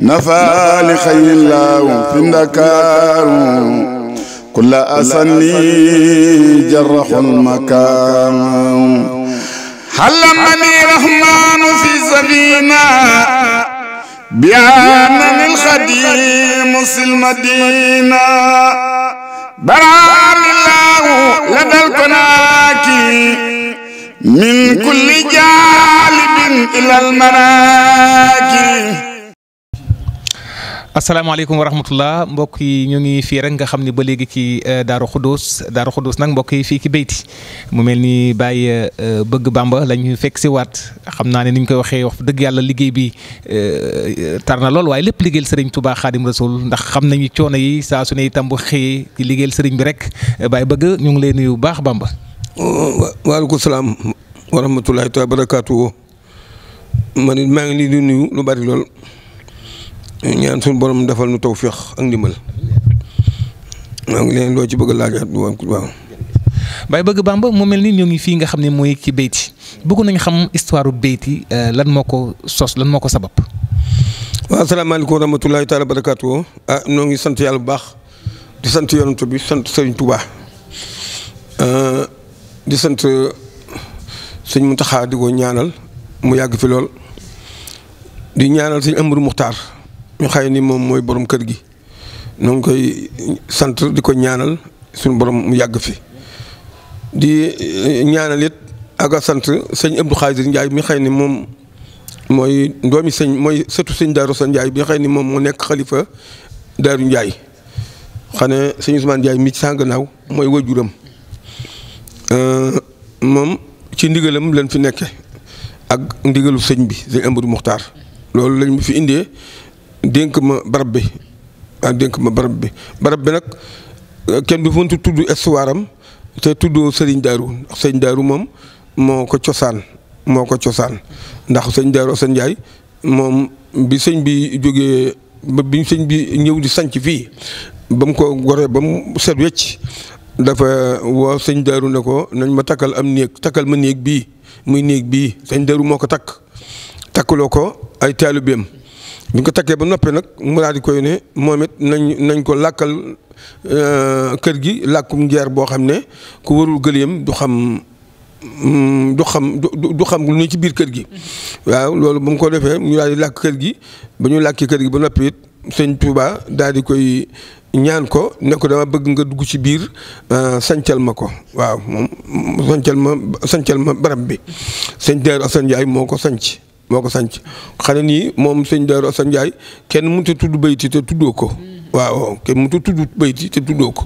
نفع لخير الله في دكار كل أسني جرح المكان حلمني رحمن في الزمينة بأن الخديم في المدينة برأني الله لدى الكناكي من كل جانب إلى المناكي asalaamaaleykum wa rahmatullah mbokk yi ñu ngi fii rek nga xam ne ba léegi ci euh, Daaru Xudus Daaru Xudus nag mbokk yi fii ci béyti mu mel nii bàyyi euh, bëgg bàmba la ñu fekk si waat xam naa ne ni ñu koy waxee wax dëgg yàlla liggéey bi euh, tar na lool waaye lépp liggéeyal sëriñ Touba Xaadim Rasul ndax xam nañu coono yi saa su ne itam bu xëyee ci liggéeyal sëriñ bi rek Baye bëgg ñu ngi lay nuyu bu baax Bamba. waaleykum salaam wa rahmatullahi wa barakaatu. maa ngi leen nuyu lu bari lool. ñaan suñu borom defal nu tawféex ak ndimbal maa ngi leen loo ci bëgg laajaat du waaw. Baye Bëgg Bamba mu mel ni ñoo ngi fii nga xam ne mooy ci béyti bëgg nañu xam histoire béyti euh, lan moo ko sos lan moo ko sabab. waaw asalaamaaleykum wa rahmatulahi taala barakaatu ah ñoo ngi sant yàlla bu baax di sant yonent bi sant sañ tubaa euh, di sant euh, sëñ Mountakha di ko ñaanal mu yàgg fi lool di ñaanal sëñ Amadou Muxtaar. ñu xay ni moom mooy borom kër gi ñu koy sant di ko ñaanal suñ borom mu yàgg fi di eh, ñaanal it ak sant sëñ Abdou Khadir Ndiaye mi xëy ni moom mooy doomi sëñ mooy sëtu sëñ Darou Sane bi xëy ni moom moo nekk xalifa daaru Ndiaye xane sëñ Ousmane Ndiaye mi ci sa gannaaw mooy wajuram eh, moom ci ndigalam lañ fi nekke ak ndigalu sëñ bi ëmb Amadou Mokhtar loolu lañ fi indee. dénk ma barab bi ah dénk ma barab bi barab bi nag eh, kenn du mënta tudd histoire te tuddoo Serigne Darou ndax Serigne Darou moom moo ko cosaan moo ko cosaan ndax Serigne Darou Assane Ndiaye moom bi sëñ bi jógee ba bi sëñ bi ñëw di sanc fii ba mu ko goree ba mu set wecc dafa woo Serigne Darou ne ko nañ ma takkal am néeg takkal ma néeg bii muy néeg bii Serigne Darou moo ko takk takkaloo ko ay taalubeem bi ñu ko takkee ba noppee nag mu di koy ne moom it nañ nañ ko làkkal euh, kër gi làkkum njeer boo xam ne ku warul gëléem du xam mm, du xam du xam lu ci biir kër gi. Mm-hmm. waaw loolu ba mu ko defee ñu làkk kër gi ba ñu làkkee kër gi ba noppi it sëñ Touba daal di koy. ñaan ko ne ko dama bëgg nga dugg ci biir euh, sancal ma ko waaw moom sancal ma sancal ma barab bi mm-hmm. sëñ Daaru Asan moo ko sanc moo ko sanc xanaa nii moom sëñ Darou Assane Ndiaye kenn mënut tudd bayti te tuddoo ko waaw kenn mënut tudd bayti te tuddoo ko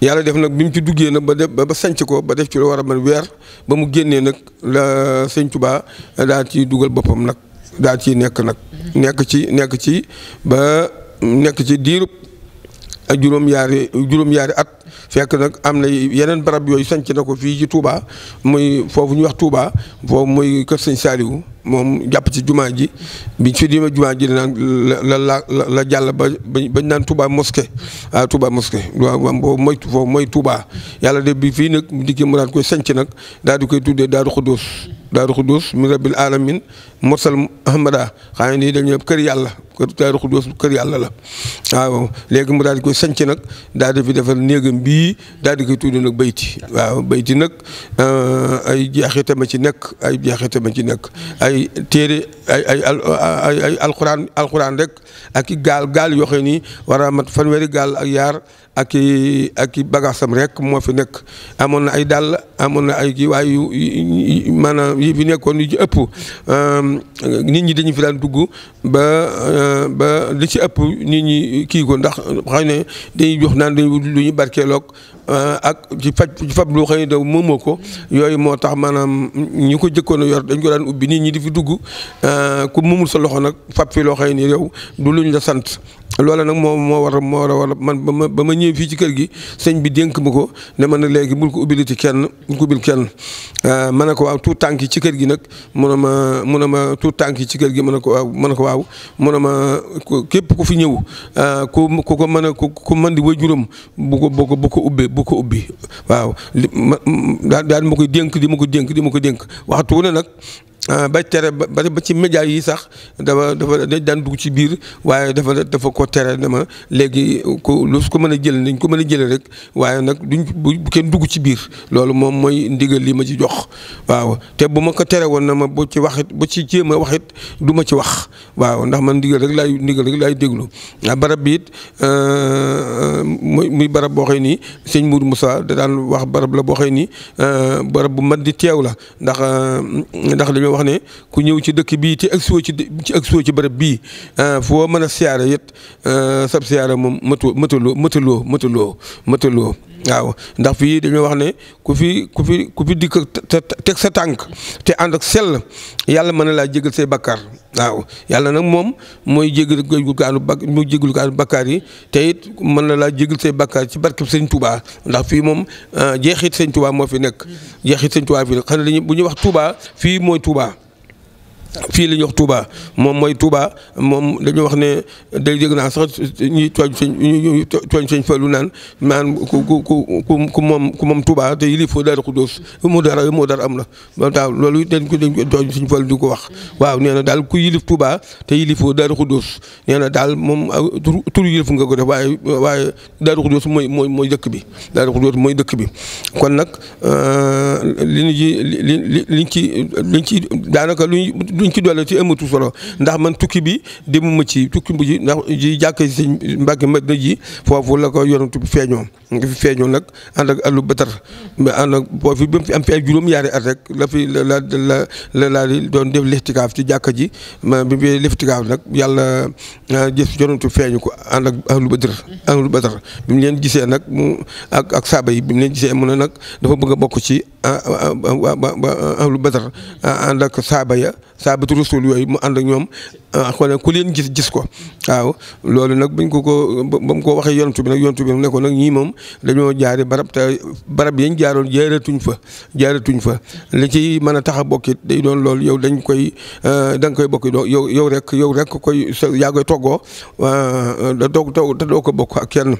yàlla def nag bi mu ci duggee nag ba def ba sanc ko ba def ci lu war a mën weer ba mu génnee nag la sëñ Touba daa ci dugal boppam nag daa ciy nekk nag. nekk ci nekk ci ba nekk ci diirub ak juróom-yaari juróom-yaari at. fekk nag am na yeneen barab yooyu sanc na ko fii ci Touba muy foofu ñu wax Touba foofu muy kër sëñ Saliou moom jàpp ci jumaa ji bi fi dima jumaa ji naan la la la jàll ba bañ naan Touba mosquée ah Touba mosquée waaw boobu mooy foofu mooy Touba yàlla de bi fii nag dikki mu daan koy sanc nag daal di koy tuddee Daaru Xudduus Daaru Xudduus mi rabbil alamin mursal ahmada xanaa nii dañu kër yàlla kër Daaru Xuddoos kër yàlla la waaw léegi moo daal di koy sanc nag daal fi defar néegam bii daal di koy tudd nag bayti waaw bayti nag euh, ay jeexitama ci nekk ay jeexitama ci nekk ay téere ay ay ay ay alxuraan alxuraan rek ak i gaal gaal yoo xam ni war a mat fanweeri gaal ak yaar ak i ak i bagaasam rek moo fi nekk amoon na ay dàll amoon na ay kii waaye yu maanaam yi fi nekkoon yu ci ëpp euh, nit ñi dañu fi daan dugg ba. Euh, ba li ci ëpp nit ñi kii ko ndax xam ne dañuy jox naan dañuy wut lu ñu barkeeloog euh, ak ci faj ci fab lu xëy na moomoo ko yooyu moo tax maanaam ñi ko jëkkoon a yor dañ ko daan ubbi nit ñi di fi dugg euh, ku mumul sa loxo nag fab fi loo xëy nii yow du luñ la sant loola nag moo moo war a moo war man ba ma ba ma ñëwee fii ci kër gi sëñ bi dénk ma ko ne ma nag léegi bul ko ubbiliti kenn bul ko ubbil kenn euh, ma ne ko waaw tout tànk yi ci kër gi nag mu ne ma mu ne ma tuut tànk yi ci kër gi ma ne ko waaw ma ne ko waaw mu ne ma képp ku fi ñëw euh, ko ku ko mën a ku mën di waajuram bu ko bu ko bu ko ubbee bu ko ubbi waaw li ma daal ma koy dénk di ma ko dénk di ma ko dénk waxtu wu ne nag Euh, ba tere ba ba ci média yi sax dafa dafa dañ daan dugg ci biir waaye dafa dafa ko tere dama léegi ku lu ko mën a jël nañ ko mën a jëlee rek waaye nag duñ bu kenn dugg ci biir loolu moom mooy ndigal lii ma ci jox waaw te bu ma ko tere woon na ma bu ci waxit bu ci jéem a waxit du ma ci wax waaw ndax man ndigal rek laay ndigal rek laay déglu barab bi it euh, euh, muy muy barab boo xëy nii sëñ Mourou Moussa da daan wax barab la boo xëy nii barab bu mat di teew la ndax ndax dañoo wax ne ku ñëw ci dëkk bii ci ak suwa ci ci ak suwa ci bërëb bii ah, foo mën a siyaare yët ah, sab siyaare moom mëtu mëtaloo mëtaloo mëtaloo mëtaloo waaw ndax fii dañoo wax ne ku fi ku fi ku fi dikk teg sa tànk te ànd ak sell yàlla mën na laa jégal say bakkaar waaw yàlla nag moom mooy jégal kaanu bak mooy jégalu kaanu bakkaar yi te it mën na laa jégal say bakkaar ci barkeb sëñ tubaa ndax fii moom euh, jeexiit sëñ Touba moo fi nekk jeexit sëñ Touba fii xam ne dañuy bu ñuy wax tubaa fii mooy Touba. fii li ñuy wax Touba moom mooy Touba moom dañu wax ne day dégg naa sax ñuy tooñ sëñ ñuy tooñ sëñ Fallu naan naan ku ku ku ku moom ku moom Touba te yilif foo Daaru Xuddoos mu dara mu dara am na waaw loolu dañ ko dañ ko tooñ sëñ ko wax waaw nee na daal ku yilif Touba te yilif foo Daaru Xuddoos nee na daal moom tur tur yilif nga ko def waaye waaye Daaru Xuddoos mooy mooy mooy dëkk bi Daaru Xuddoos mooy dëkk bi kon nag euh, li ñu ci li liñ ci liñ ci daanaka duñ ci doole ci ëmmatu solo ndax man tukki bi di mu mucc tukki bu ji ndax ji jàkk sëñ ji la ko yonantu bi feeñoo feeñoo nag ànd ak alu batar mais ànd ak boo fi ba mu at rek la fi la la la la laa di doon ci jàkk ji ma bi bi lixtikaaf nag yàlla gis ah, yonantu feeñu ko ànd ak alu batar bi mu leen gisee nag mu ak saaba yi bi mu leen gisee mu nag dafa bëgg a bokk ci Ah, ah, ah, ahlu badar ànd ak saaba ya saabatu rasul yooyu mu ànd ak ñoom xool ku leen gis gis ko waaw loolu nag buñ ko ko ba mu ko waxee yontu bi nag yontu bi nag ne ko nag ñii moom dañoo jaari barab te barab yañ jaaroon jaaratuñ fa jaaratuñ fa li ci mën a tax a bokkit day doon loolu yow dañ koy da nga koy bokk yow yow rek yow rek koy yaa koy toggoo da toog toog te doo ko bokk ak kenn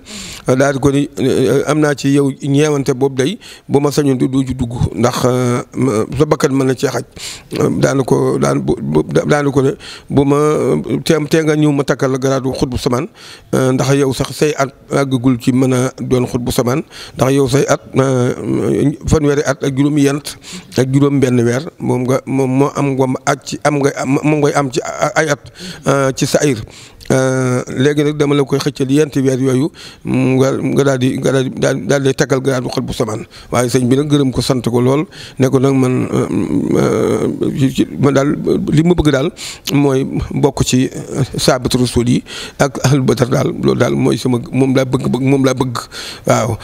daal di ko ni eh, eh, am naa ci yow ñeewante boobu day bu ma sañoon du dugg dugg ndax euh, sa bakkan mën na cee xaj euh, daanu ko daan daanu ko ne bu ma teem euh, tee nga ñëw ma takkal garaadu xut bu samaan ndax yow sax say at àggagul ci mën a doon xut bu samaan ndax yow say at fanweeri at ak juróom yent ak juróom benn weer moom nga moom moo am nga ci am nga am moom ngay am ci ay at ci sa ayir Euh, léegi nag dama la koy xëccal yenti weer yooyu nga daal di nga daal di daal di taggal garaat bu xot bu samaan waaye sëñ bi nag gërëm ko sant ko lool ne nag man euh, euh, man daal li ma bëgg daal mooy bokk ci saabatu rasul yi ak ahlu badar daal mooy sama moom laa bëgg bëgg moom laa bëgg waaw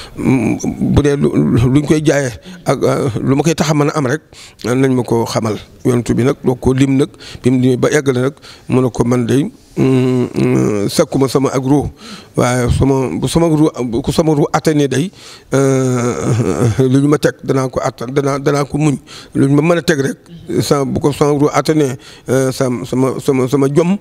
bu dee koy jaaye ak lu ma koy tax a mën a am rek nañ ma ko xamal yontu bi nag doo ko lim nag bi mu ba egg la nag mën a ko man de Mm, mm, sakkuma sama ak ruu waaye sama bu sama ruu ku sama ruu attanee day euh, lu ñu ma teg danaa ko attan danaa danaa ko muñ lu ñu ma mën a teg rek sa bu ko sama ruu attanee euh, sama sama sama sama jom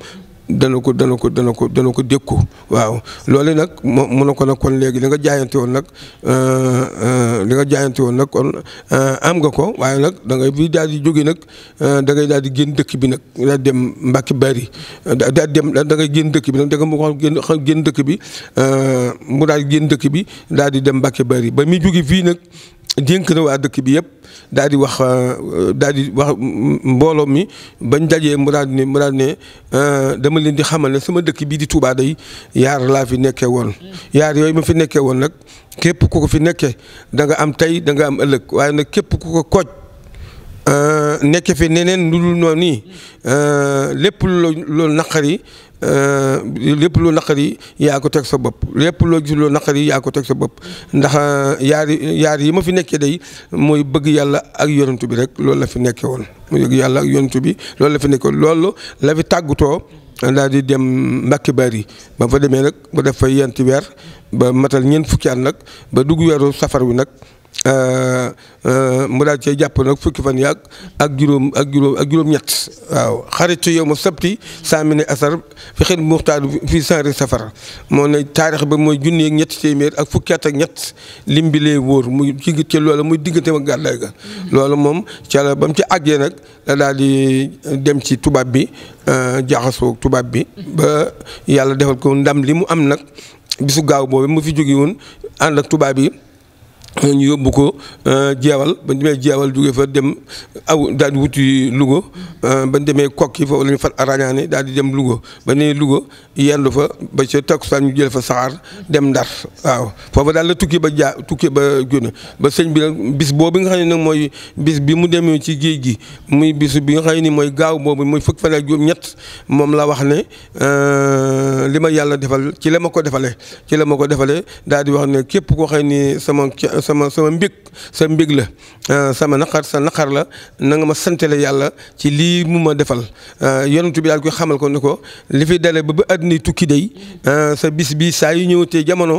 dana ko dana ko dana ko dana ko dékku waaw loolu nag moo mun na ko nag kon léegi li nga jaayante woon nag euh, euh, li nga jaayante woon nag kon euh, am nga ko waaye nag dangay bi daal di jóge nag dangay ngay daal di génn dëkk bi nag daal dem Mbàkke Bari daal dem da ngay génn dëkk bi nag da nga mu xam génn dëkk bi mu daal di génn dëkk bi daal di dem Mbàkke Bari ba muy jóge fii nag. dénk na waa dëkk bi yëpp daal di wax euh, daal di wax mbooloo mi bañ dajee mu daal ne mu ne euh, dama leen di xamal ne sama dëkk bii di tuubaa day yaar laa fi nekkee woon yaar yooyu ma fi nekkee woon nag képp ku ko fi nekkee da nga am tey danga am ëllëg waaye nag képp ku ko kooj euh, nekke fi neneen lu dul noonu lépp loolu naqari Euh, lépp lu naqari yaa ko teg sa bopp lépp loo gis lu yi yaa ko teg sa bopp ndax euh, yaar yaar yi ma fi nekkee day mooy bëgg yàlla ak yonentu bi rek loolu la fi nekkee woon mu bëgg yàlla ak yonentu bi loolu la fi nekkee woon loolu la fi tàggutoo daal di dem Mbàkke yi ba fa demee nag ba def fa yenti weer ba matal ñeent fukki at nag ba dugg weeru safar wi nag Euh, euh, mu daal cee jàpp nag fukki fan yàgg ak juróom ak juróom ak juróom-ñett waaw xaritu yow ma sabti saamine asar fi xen muxtaar fii sanri safar moo ne taarix ba mooy junni ak ñetti téeméer ak fukki at ak ñett lim bi lee wóor mu ci ci loolu muy diggante ak gàddaay ga loolu moom ca la ba mu ci àggee nag la daal di dem ci tubaab bi euh, jaxasoo tubaab bi ba yàlla defal ko ndam li mu am nag bisu gaaw boobu mu fi jóge woon ànd ak tubaab yi ñu yóbbu ko jeewal euh, ba ñu demee jeewal jóge fa dem aw daal di wuti Louga euh, ba ñu demee kokki foofu la ñu far arañaane daal di dem Louga ba ne Louga yendu fa ba ca takkusaan ñu jël fa saxaar dem Ndar waaw foofu daal la tukki ba jaa tukki ba génn ba sëñ bi nag bis boobu nga xam ne nag mooy bis bi mu demee ci géej gi muy bis bi nga xam ne mooy gaaw boobu muy fukk fan ak juróom ñett moom la wax ne euh, li ma yàlla defal ci la ma ko defalee ci la ma ko defalee daal di wax képp koo xam ne sama sama mbég sa mbég la ah, sama naqar sa naqar la na nga ma santale yàlla ci lii mu ma defal ah, yonent bi daal koy xamal ko ni ko li fi dale ba ba àddina tukki day ah, sa bis bi saa yu ñëwatee jamono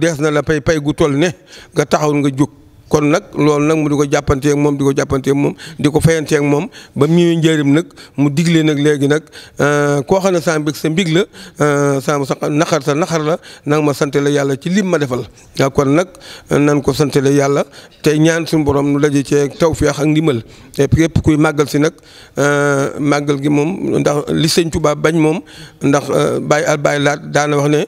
dees na la pay pay gu toll ne nga taxaw nga jóg kon nag loolu nag mu di ko jàppante ak moom di ko jàppante moom di ko fayante moom ba mu ñëwee nag mu digle nag léegi nag euh, koo xam ne sa mbig sa mbig la euh, sa naqar sa naxar la nag ma sant la yàlla ci lim ma defal waaw kon nag nan ko sant la yàlla tey ñaan suñu borom nu daje cee tawfeex ak ndimbal et yëpp képp kuy màggal si nag euh, màggal gi moom ndax li sëñ Tuubaa bañ moom ndax Baay al Baay laat daana wax ne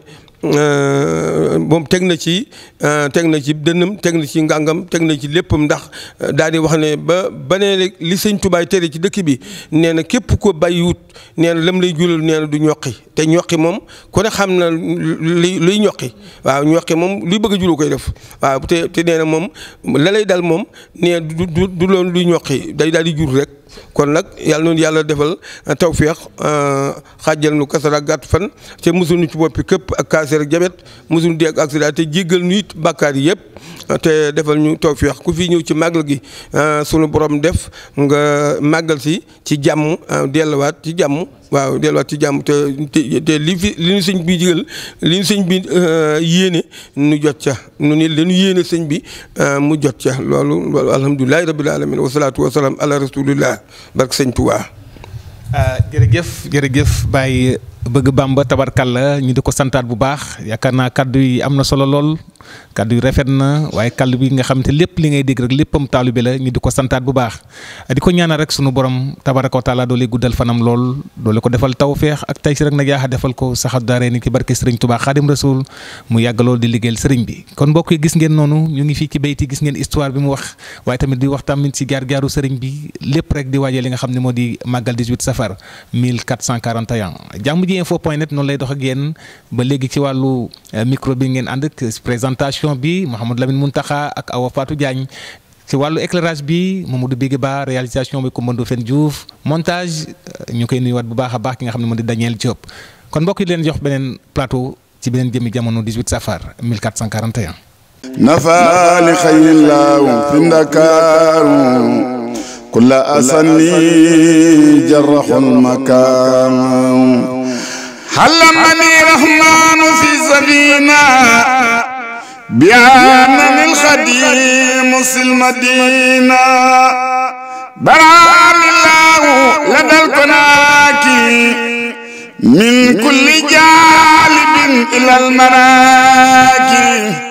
Euh, moom teg na ci euh, teg na ci dënnam teg na ci ngàngam teg na ci léppam ndax euh, daal di wax ne ba ba nee li sëñ tubaay tere ci dëkk bi nee na képp ko bàyyiwut nee na lam lay julal nee na du ñoqi te ñoqi moom kone xam na li luy ñoqi waaw ñoqi moom luy bëgg a julu koy def waaw te te nee na moom la lay dal moom nee du du du loon luy ñoqi day daal di jur rek kon nag yàlla noonu yàlla defal uh, tawféex uh, xaajal nu kasara gàtt fan ci te mosuñu ci boppi képp ak cancer ak jabet mosuñu dee ak accident te jéggal nu it bàkkaar yi yëpp te defal ñu toog fi ku fi ñëw ci màggal gi euh, suñu borom def nga màggal si ci jàmm euh, delluwaat ci jàmm waaw delluwaat ci jàmm te te li fi li ñu sëñ bi jigal li ñu sëñ bi euh, yéene nu jot ca nu ni dañu yéene sëñ bi mu jot ca loolu loolu alhamdulilahi la alamin wasalaatu wasalaam ala rasulillah barke sëñ Tuubaa jërëjëf jërëjëf Baye bëgg Bamba tabarkalla ñu di ko santaat bu baax yaakaar naa kàddu yi am na solo lool kàddu yi na waaye kàddu bi nga xam te lépp li ngay dégg rek léppam taalibe la ñu di ko santaat bu baax di ko ñaanal rek sunu borom tabaraka wa taala doole guddal fanam lool doole ko defal tawféex ak tey si rek nag yaaxa defal ko saxat daare ni ci barke sëriñ Tuubaa Xaadim Rasuul mu yàgg lool di liggéeyal sëriñ bi kon mbokk yi gis ngeen noonu ñu ngi fii ci bayti gis ngeen histoire bi mu wax waaye tamit di wax tamit eh, si jaar jaaru sëriñ bi montation bi Mouhamadou Lamine Muntaxa ak Awa Fatou Diagne ci wàllu éclairage bi Mamadou bi Coumba Ndoffène Diouf montage euh, ñu koy nuyuwaat bu baax a baax ki nga xam ne moo di Daniel Diop kon mbokk yi leen jox beneen plateau ci beneen jëmi jamono 18 safar 1441. nafaali xayrillaahu fi ndakaaru kulla asani jarraxul makaam xalamani rahmaanu fi sabina بأن الخديم المدينة برأني الله لدى الكناكي من كل جانب إلى المناكي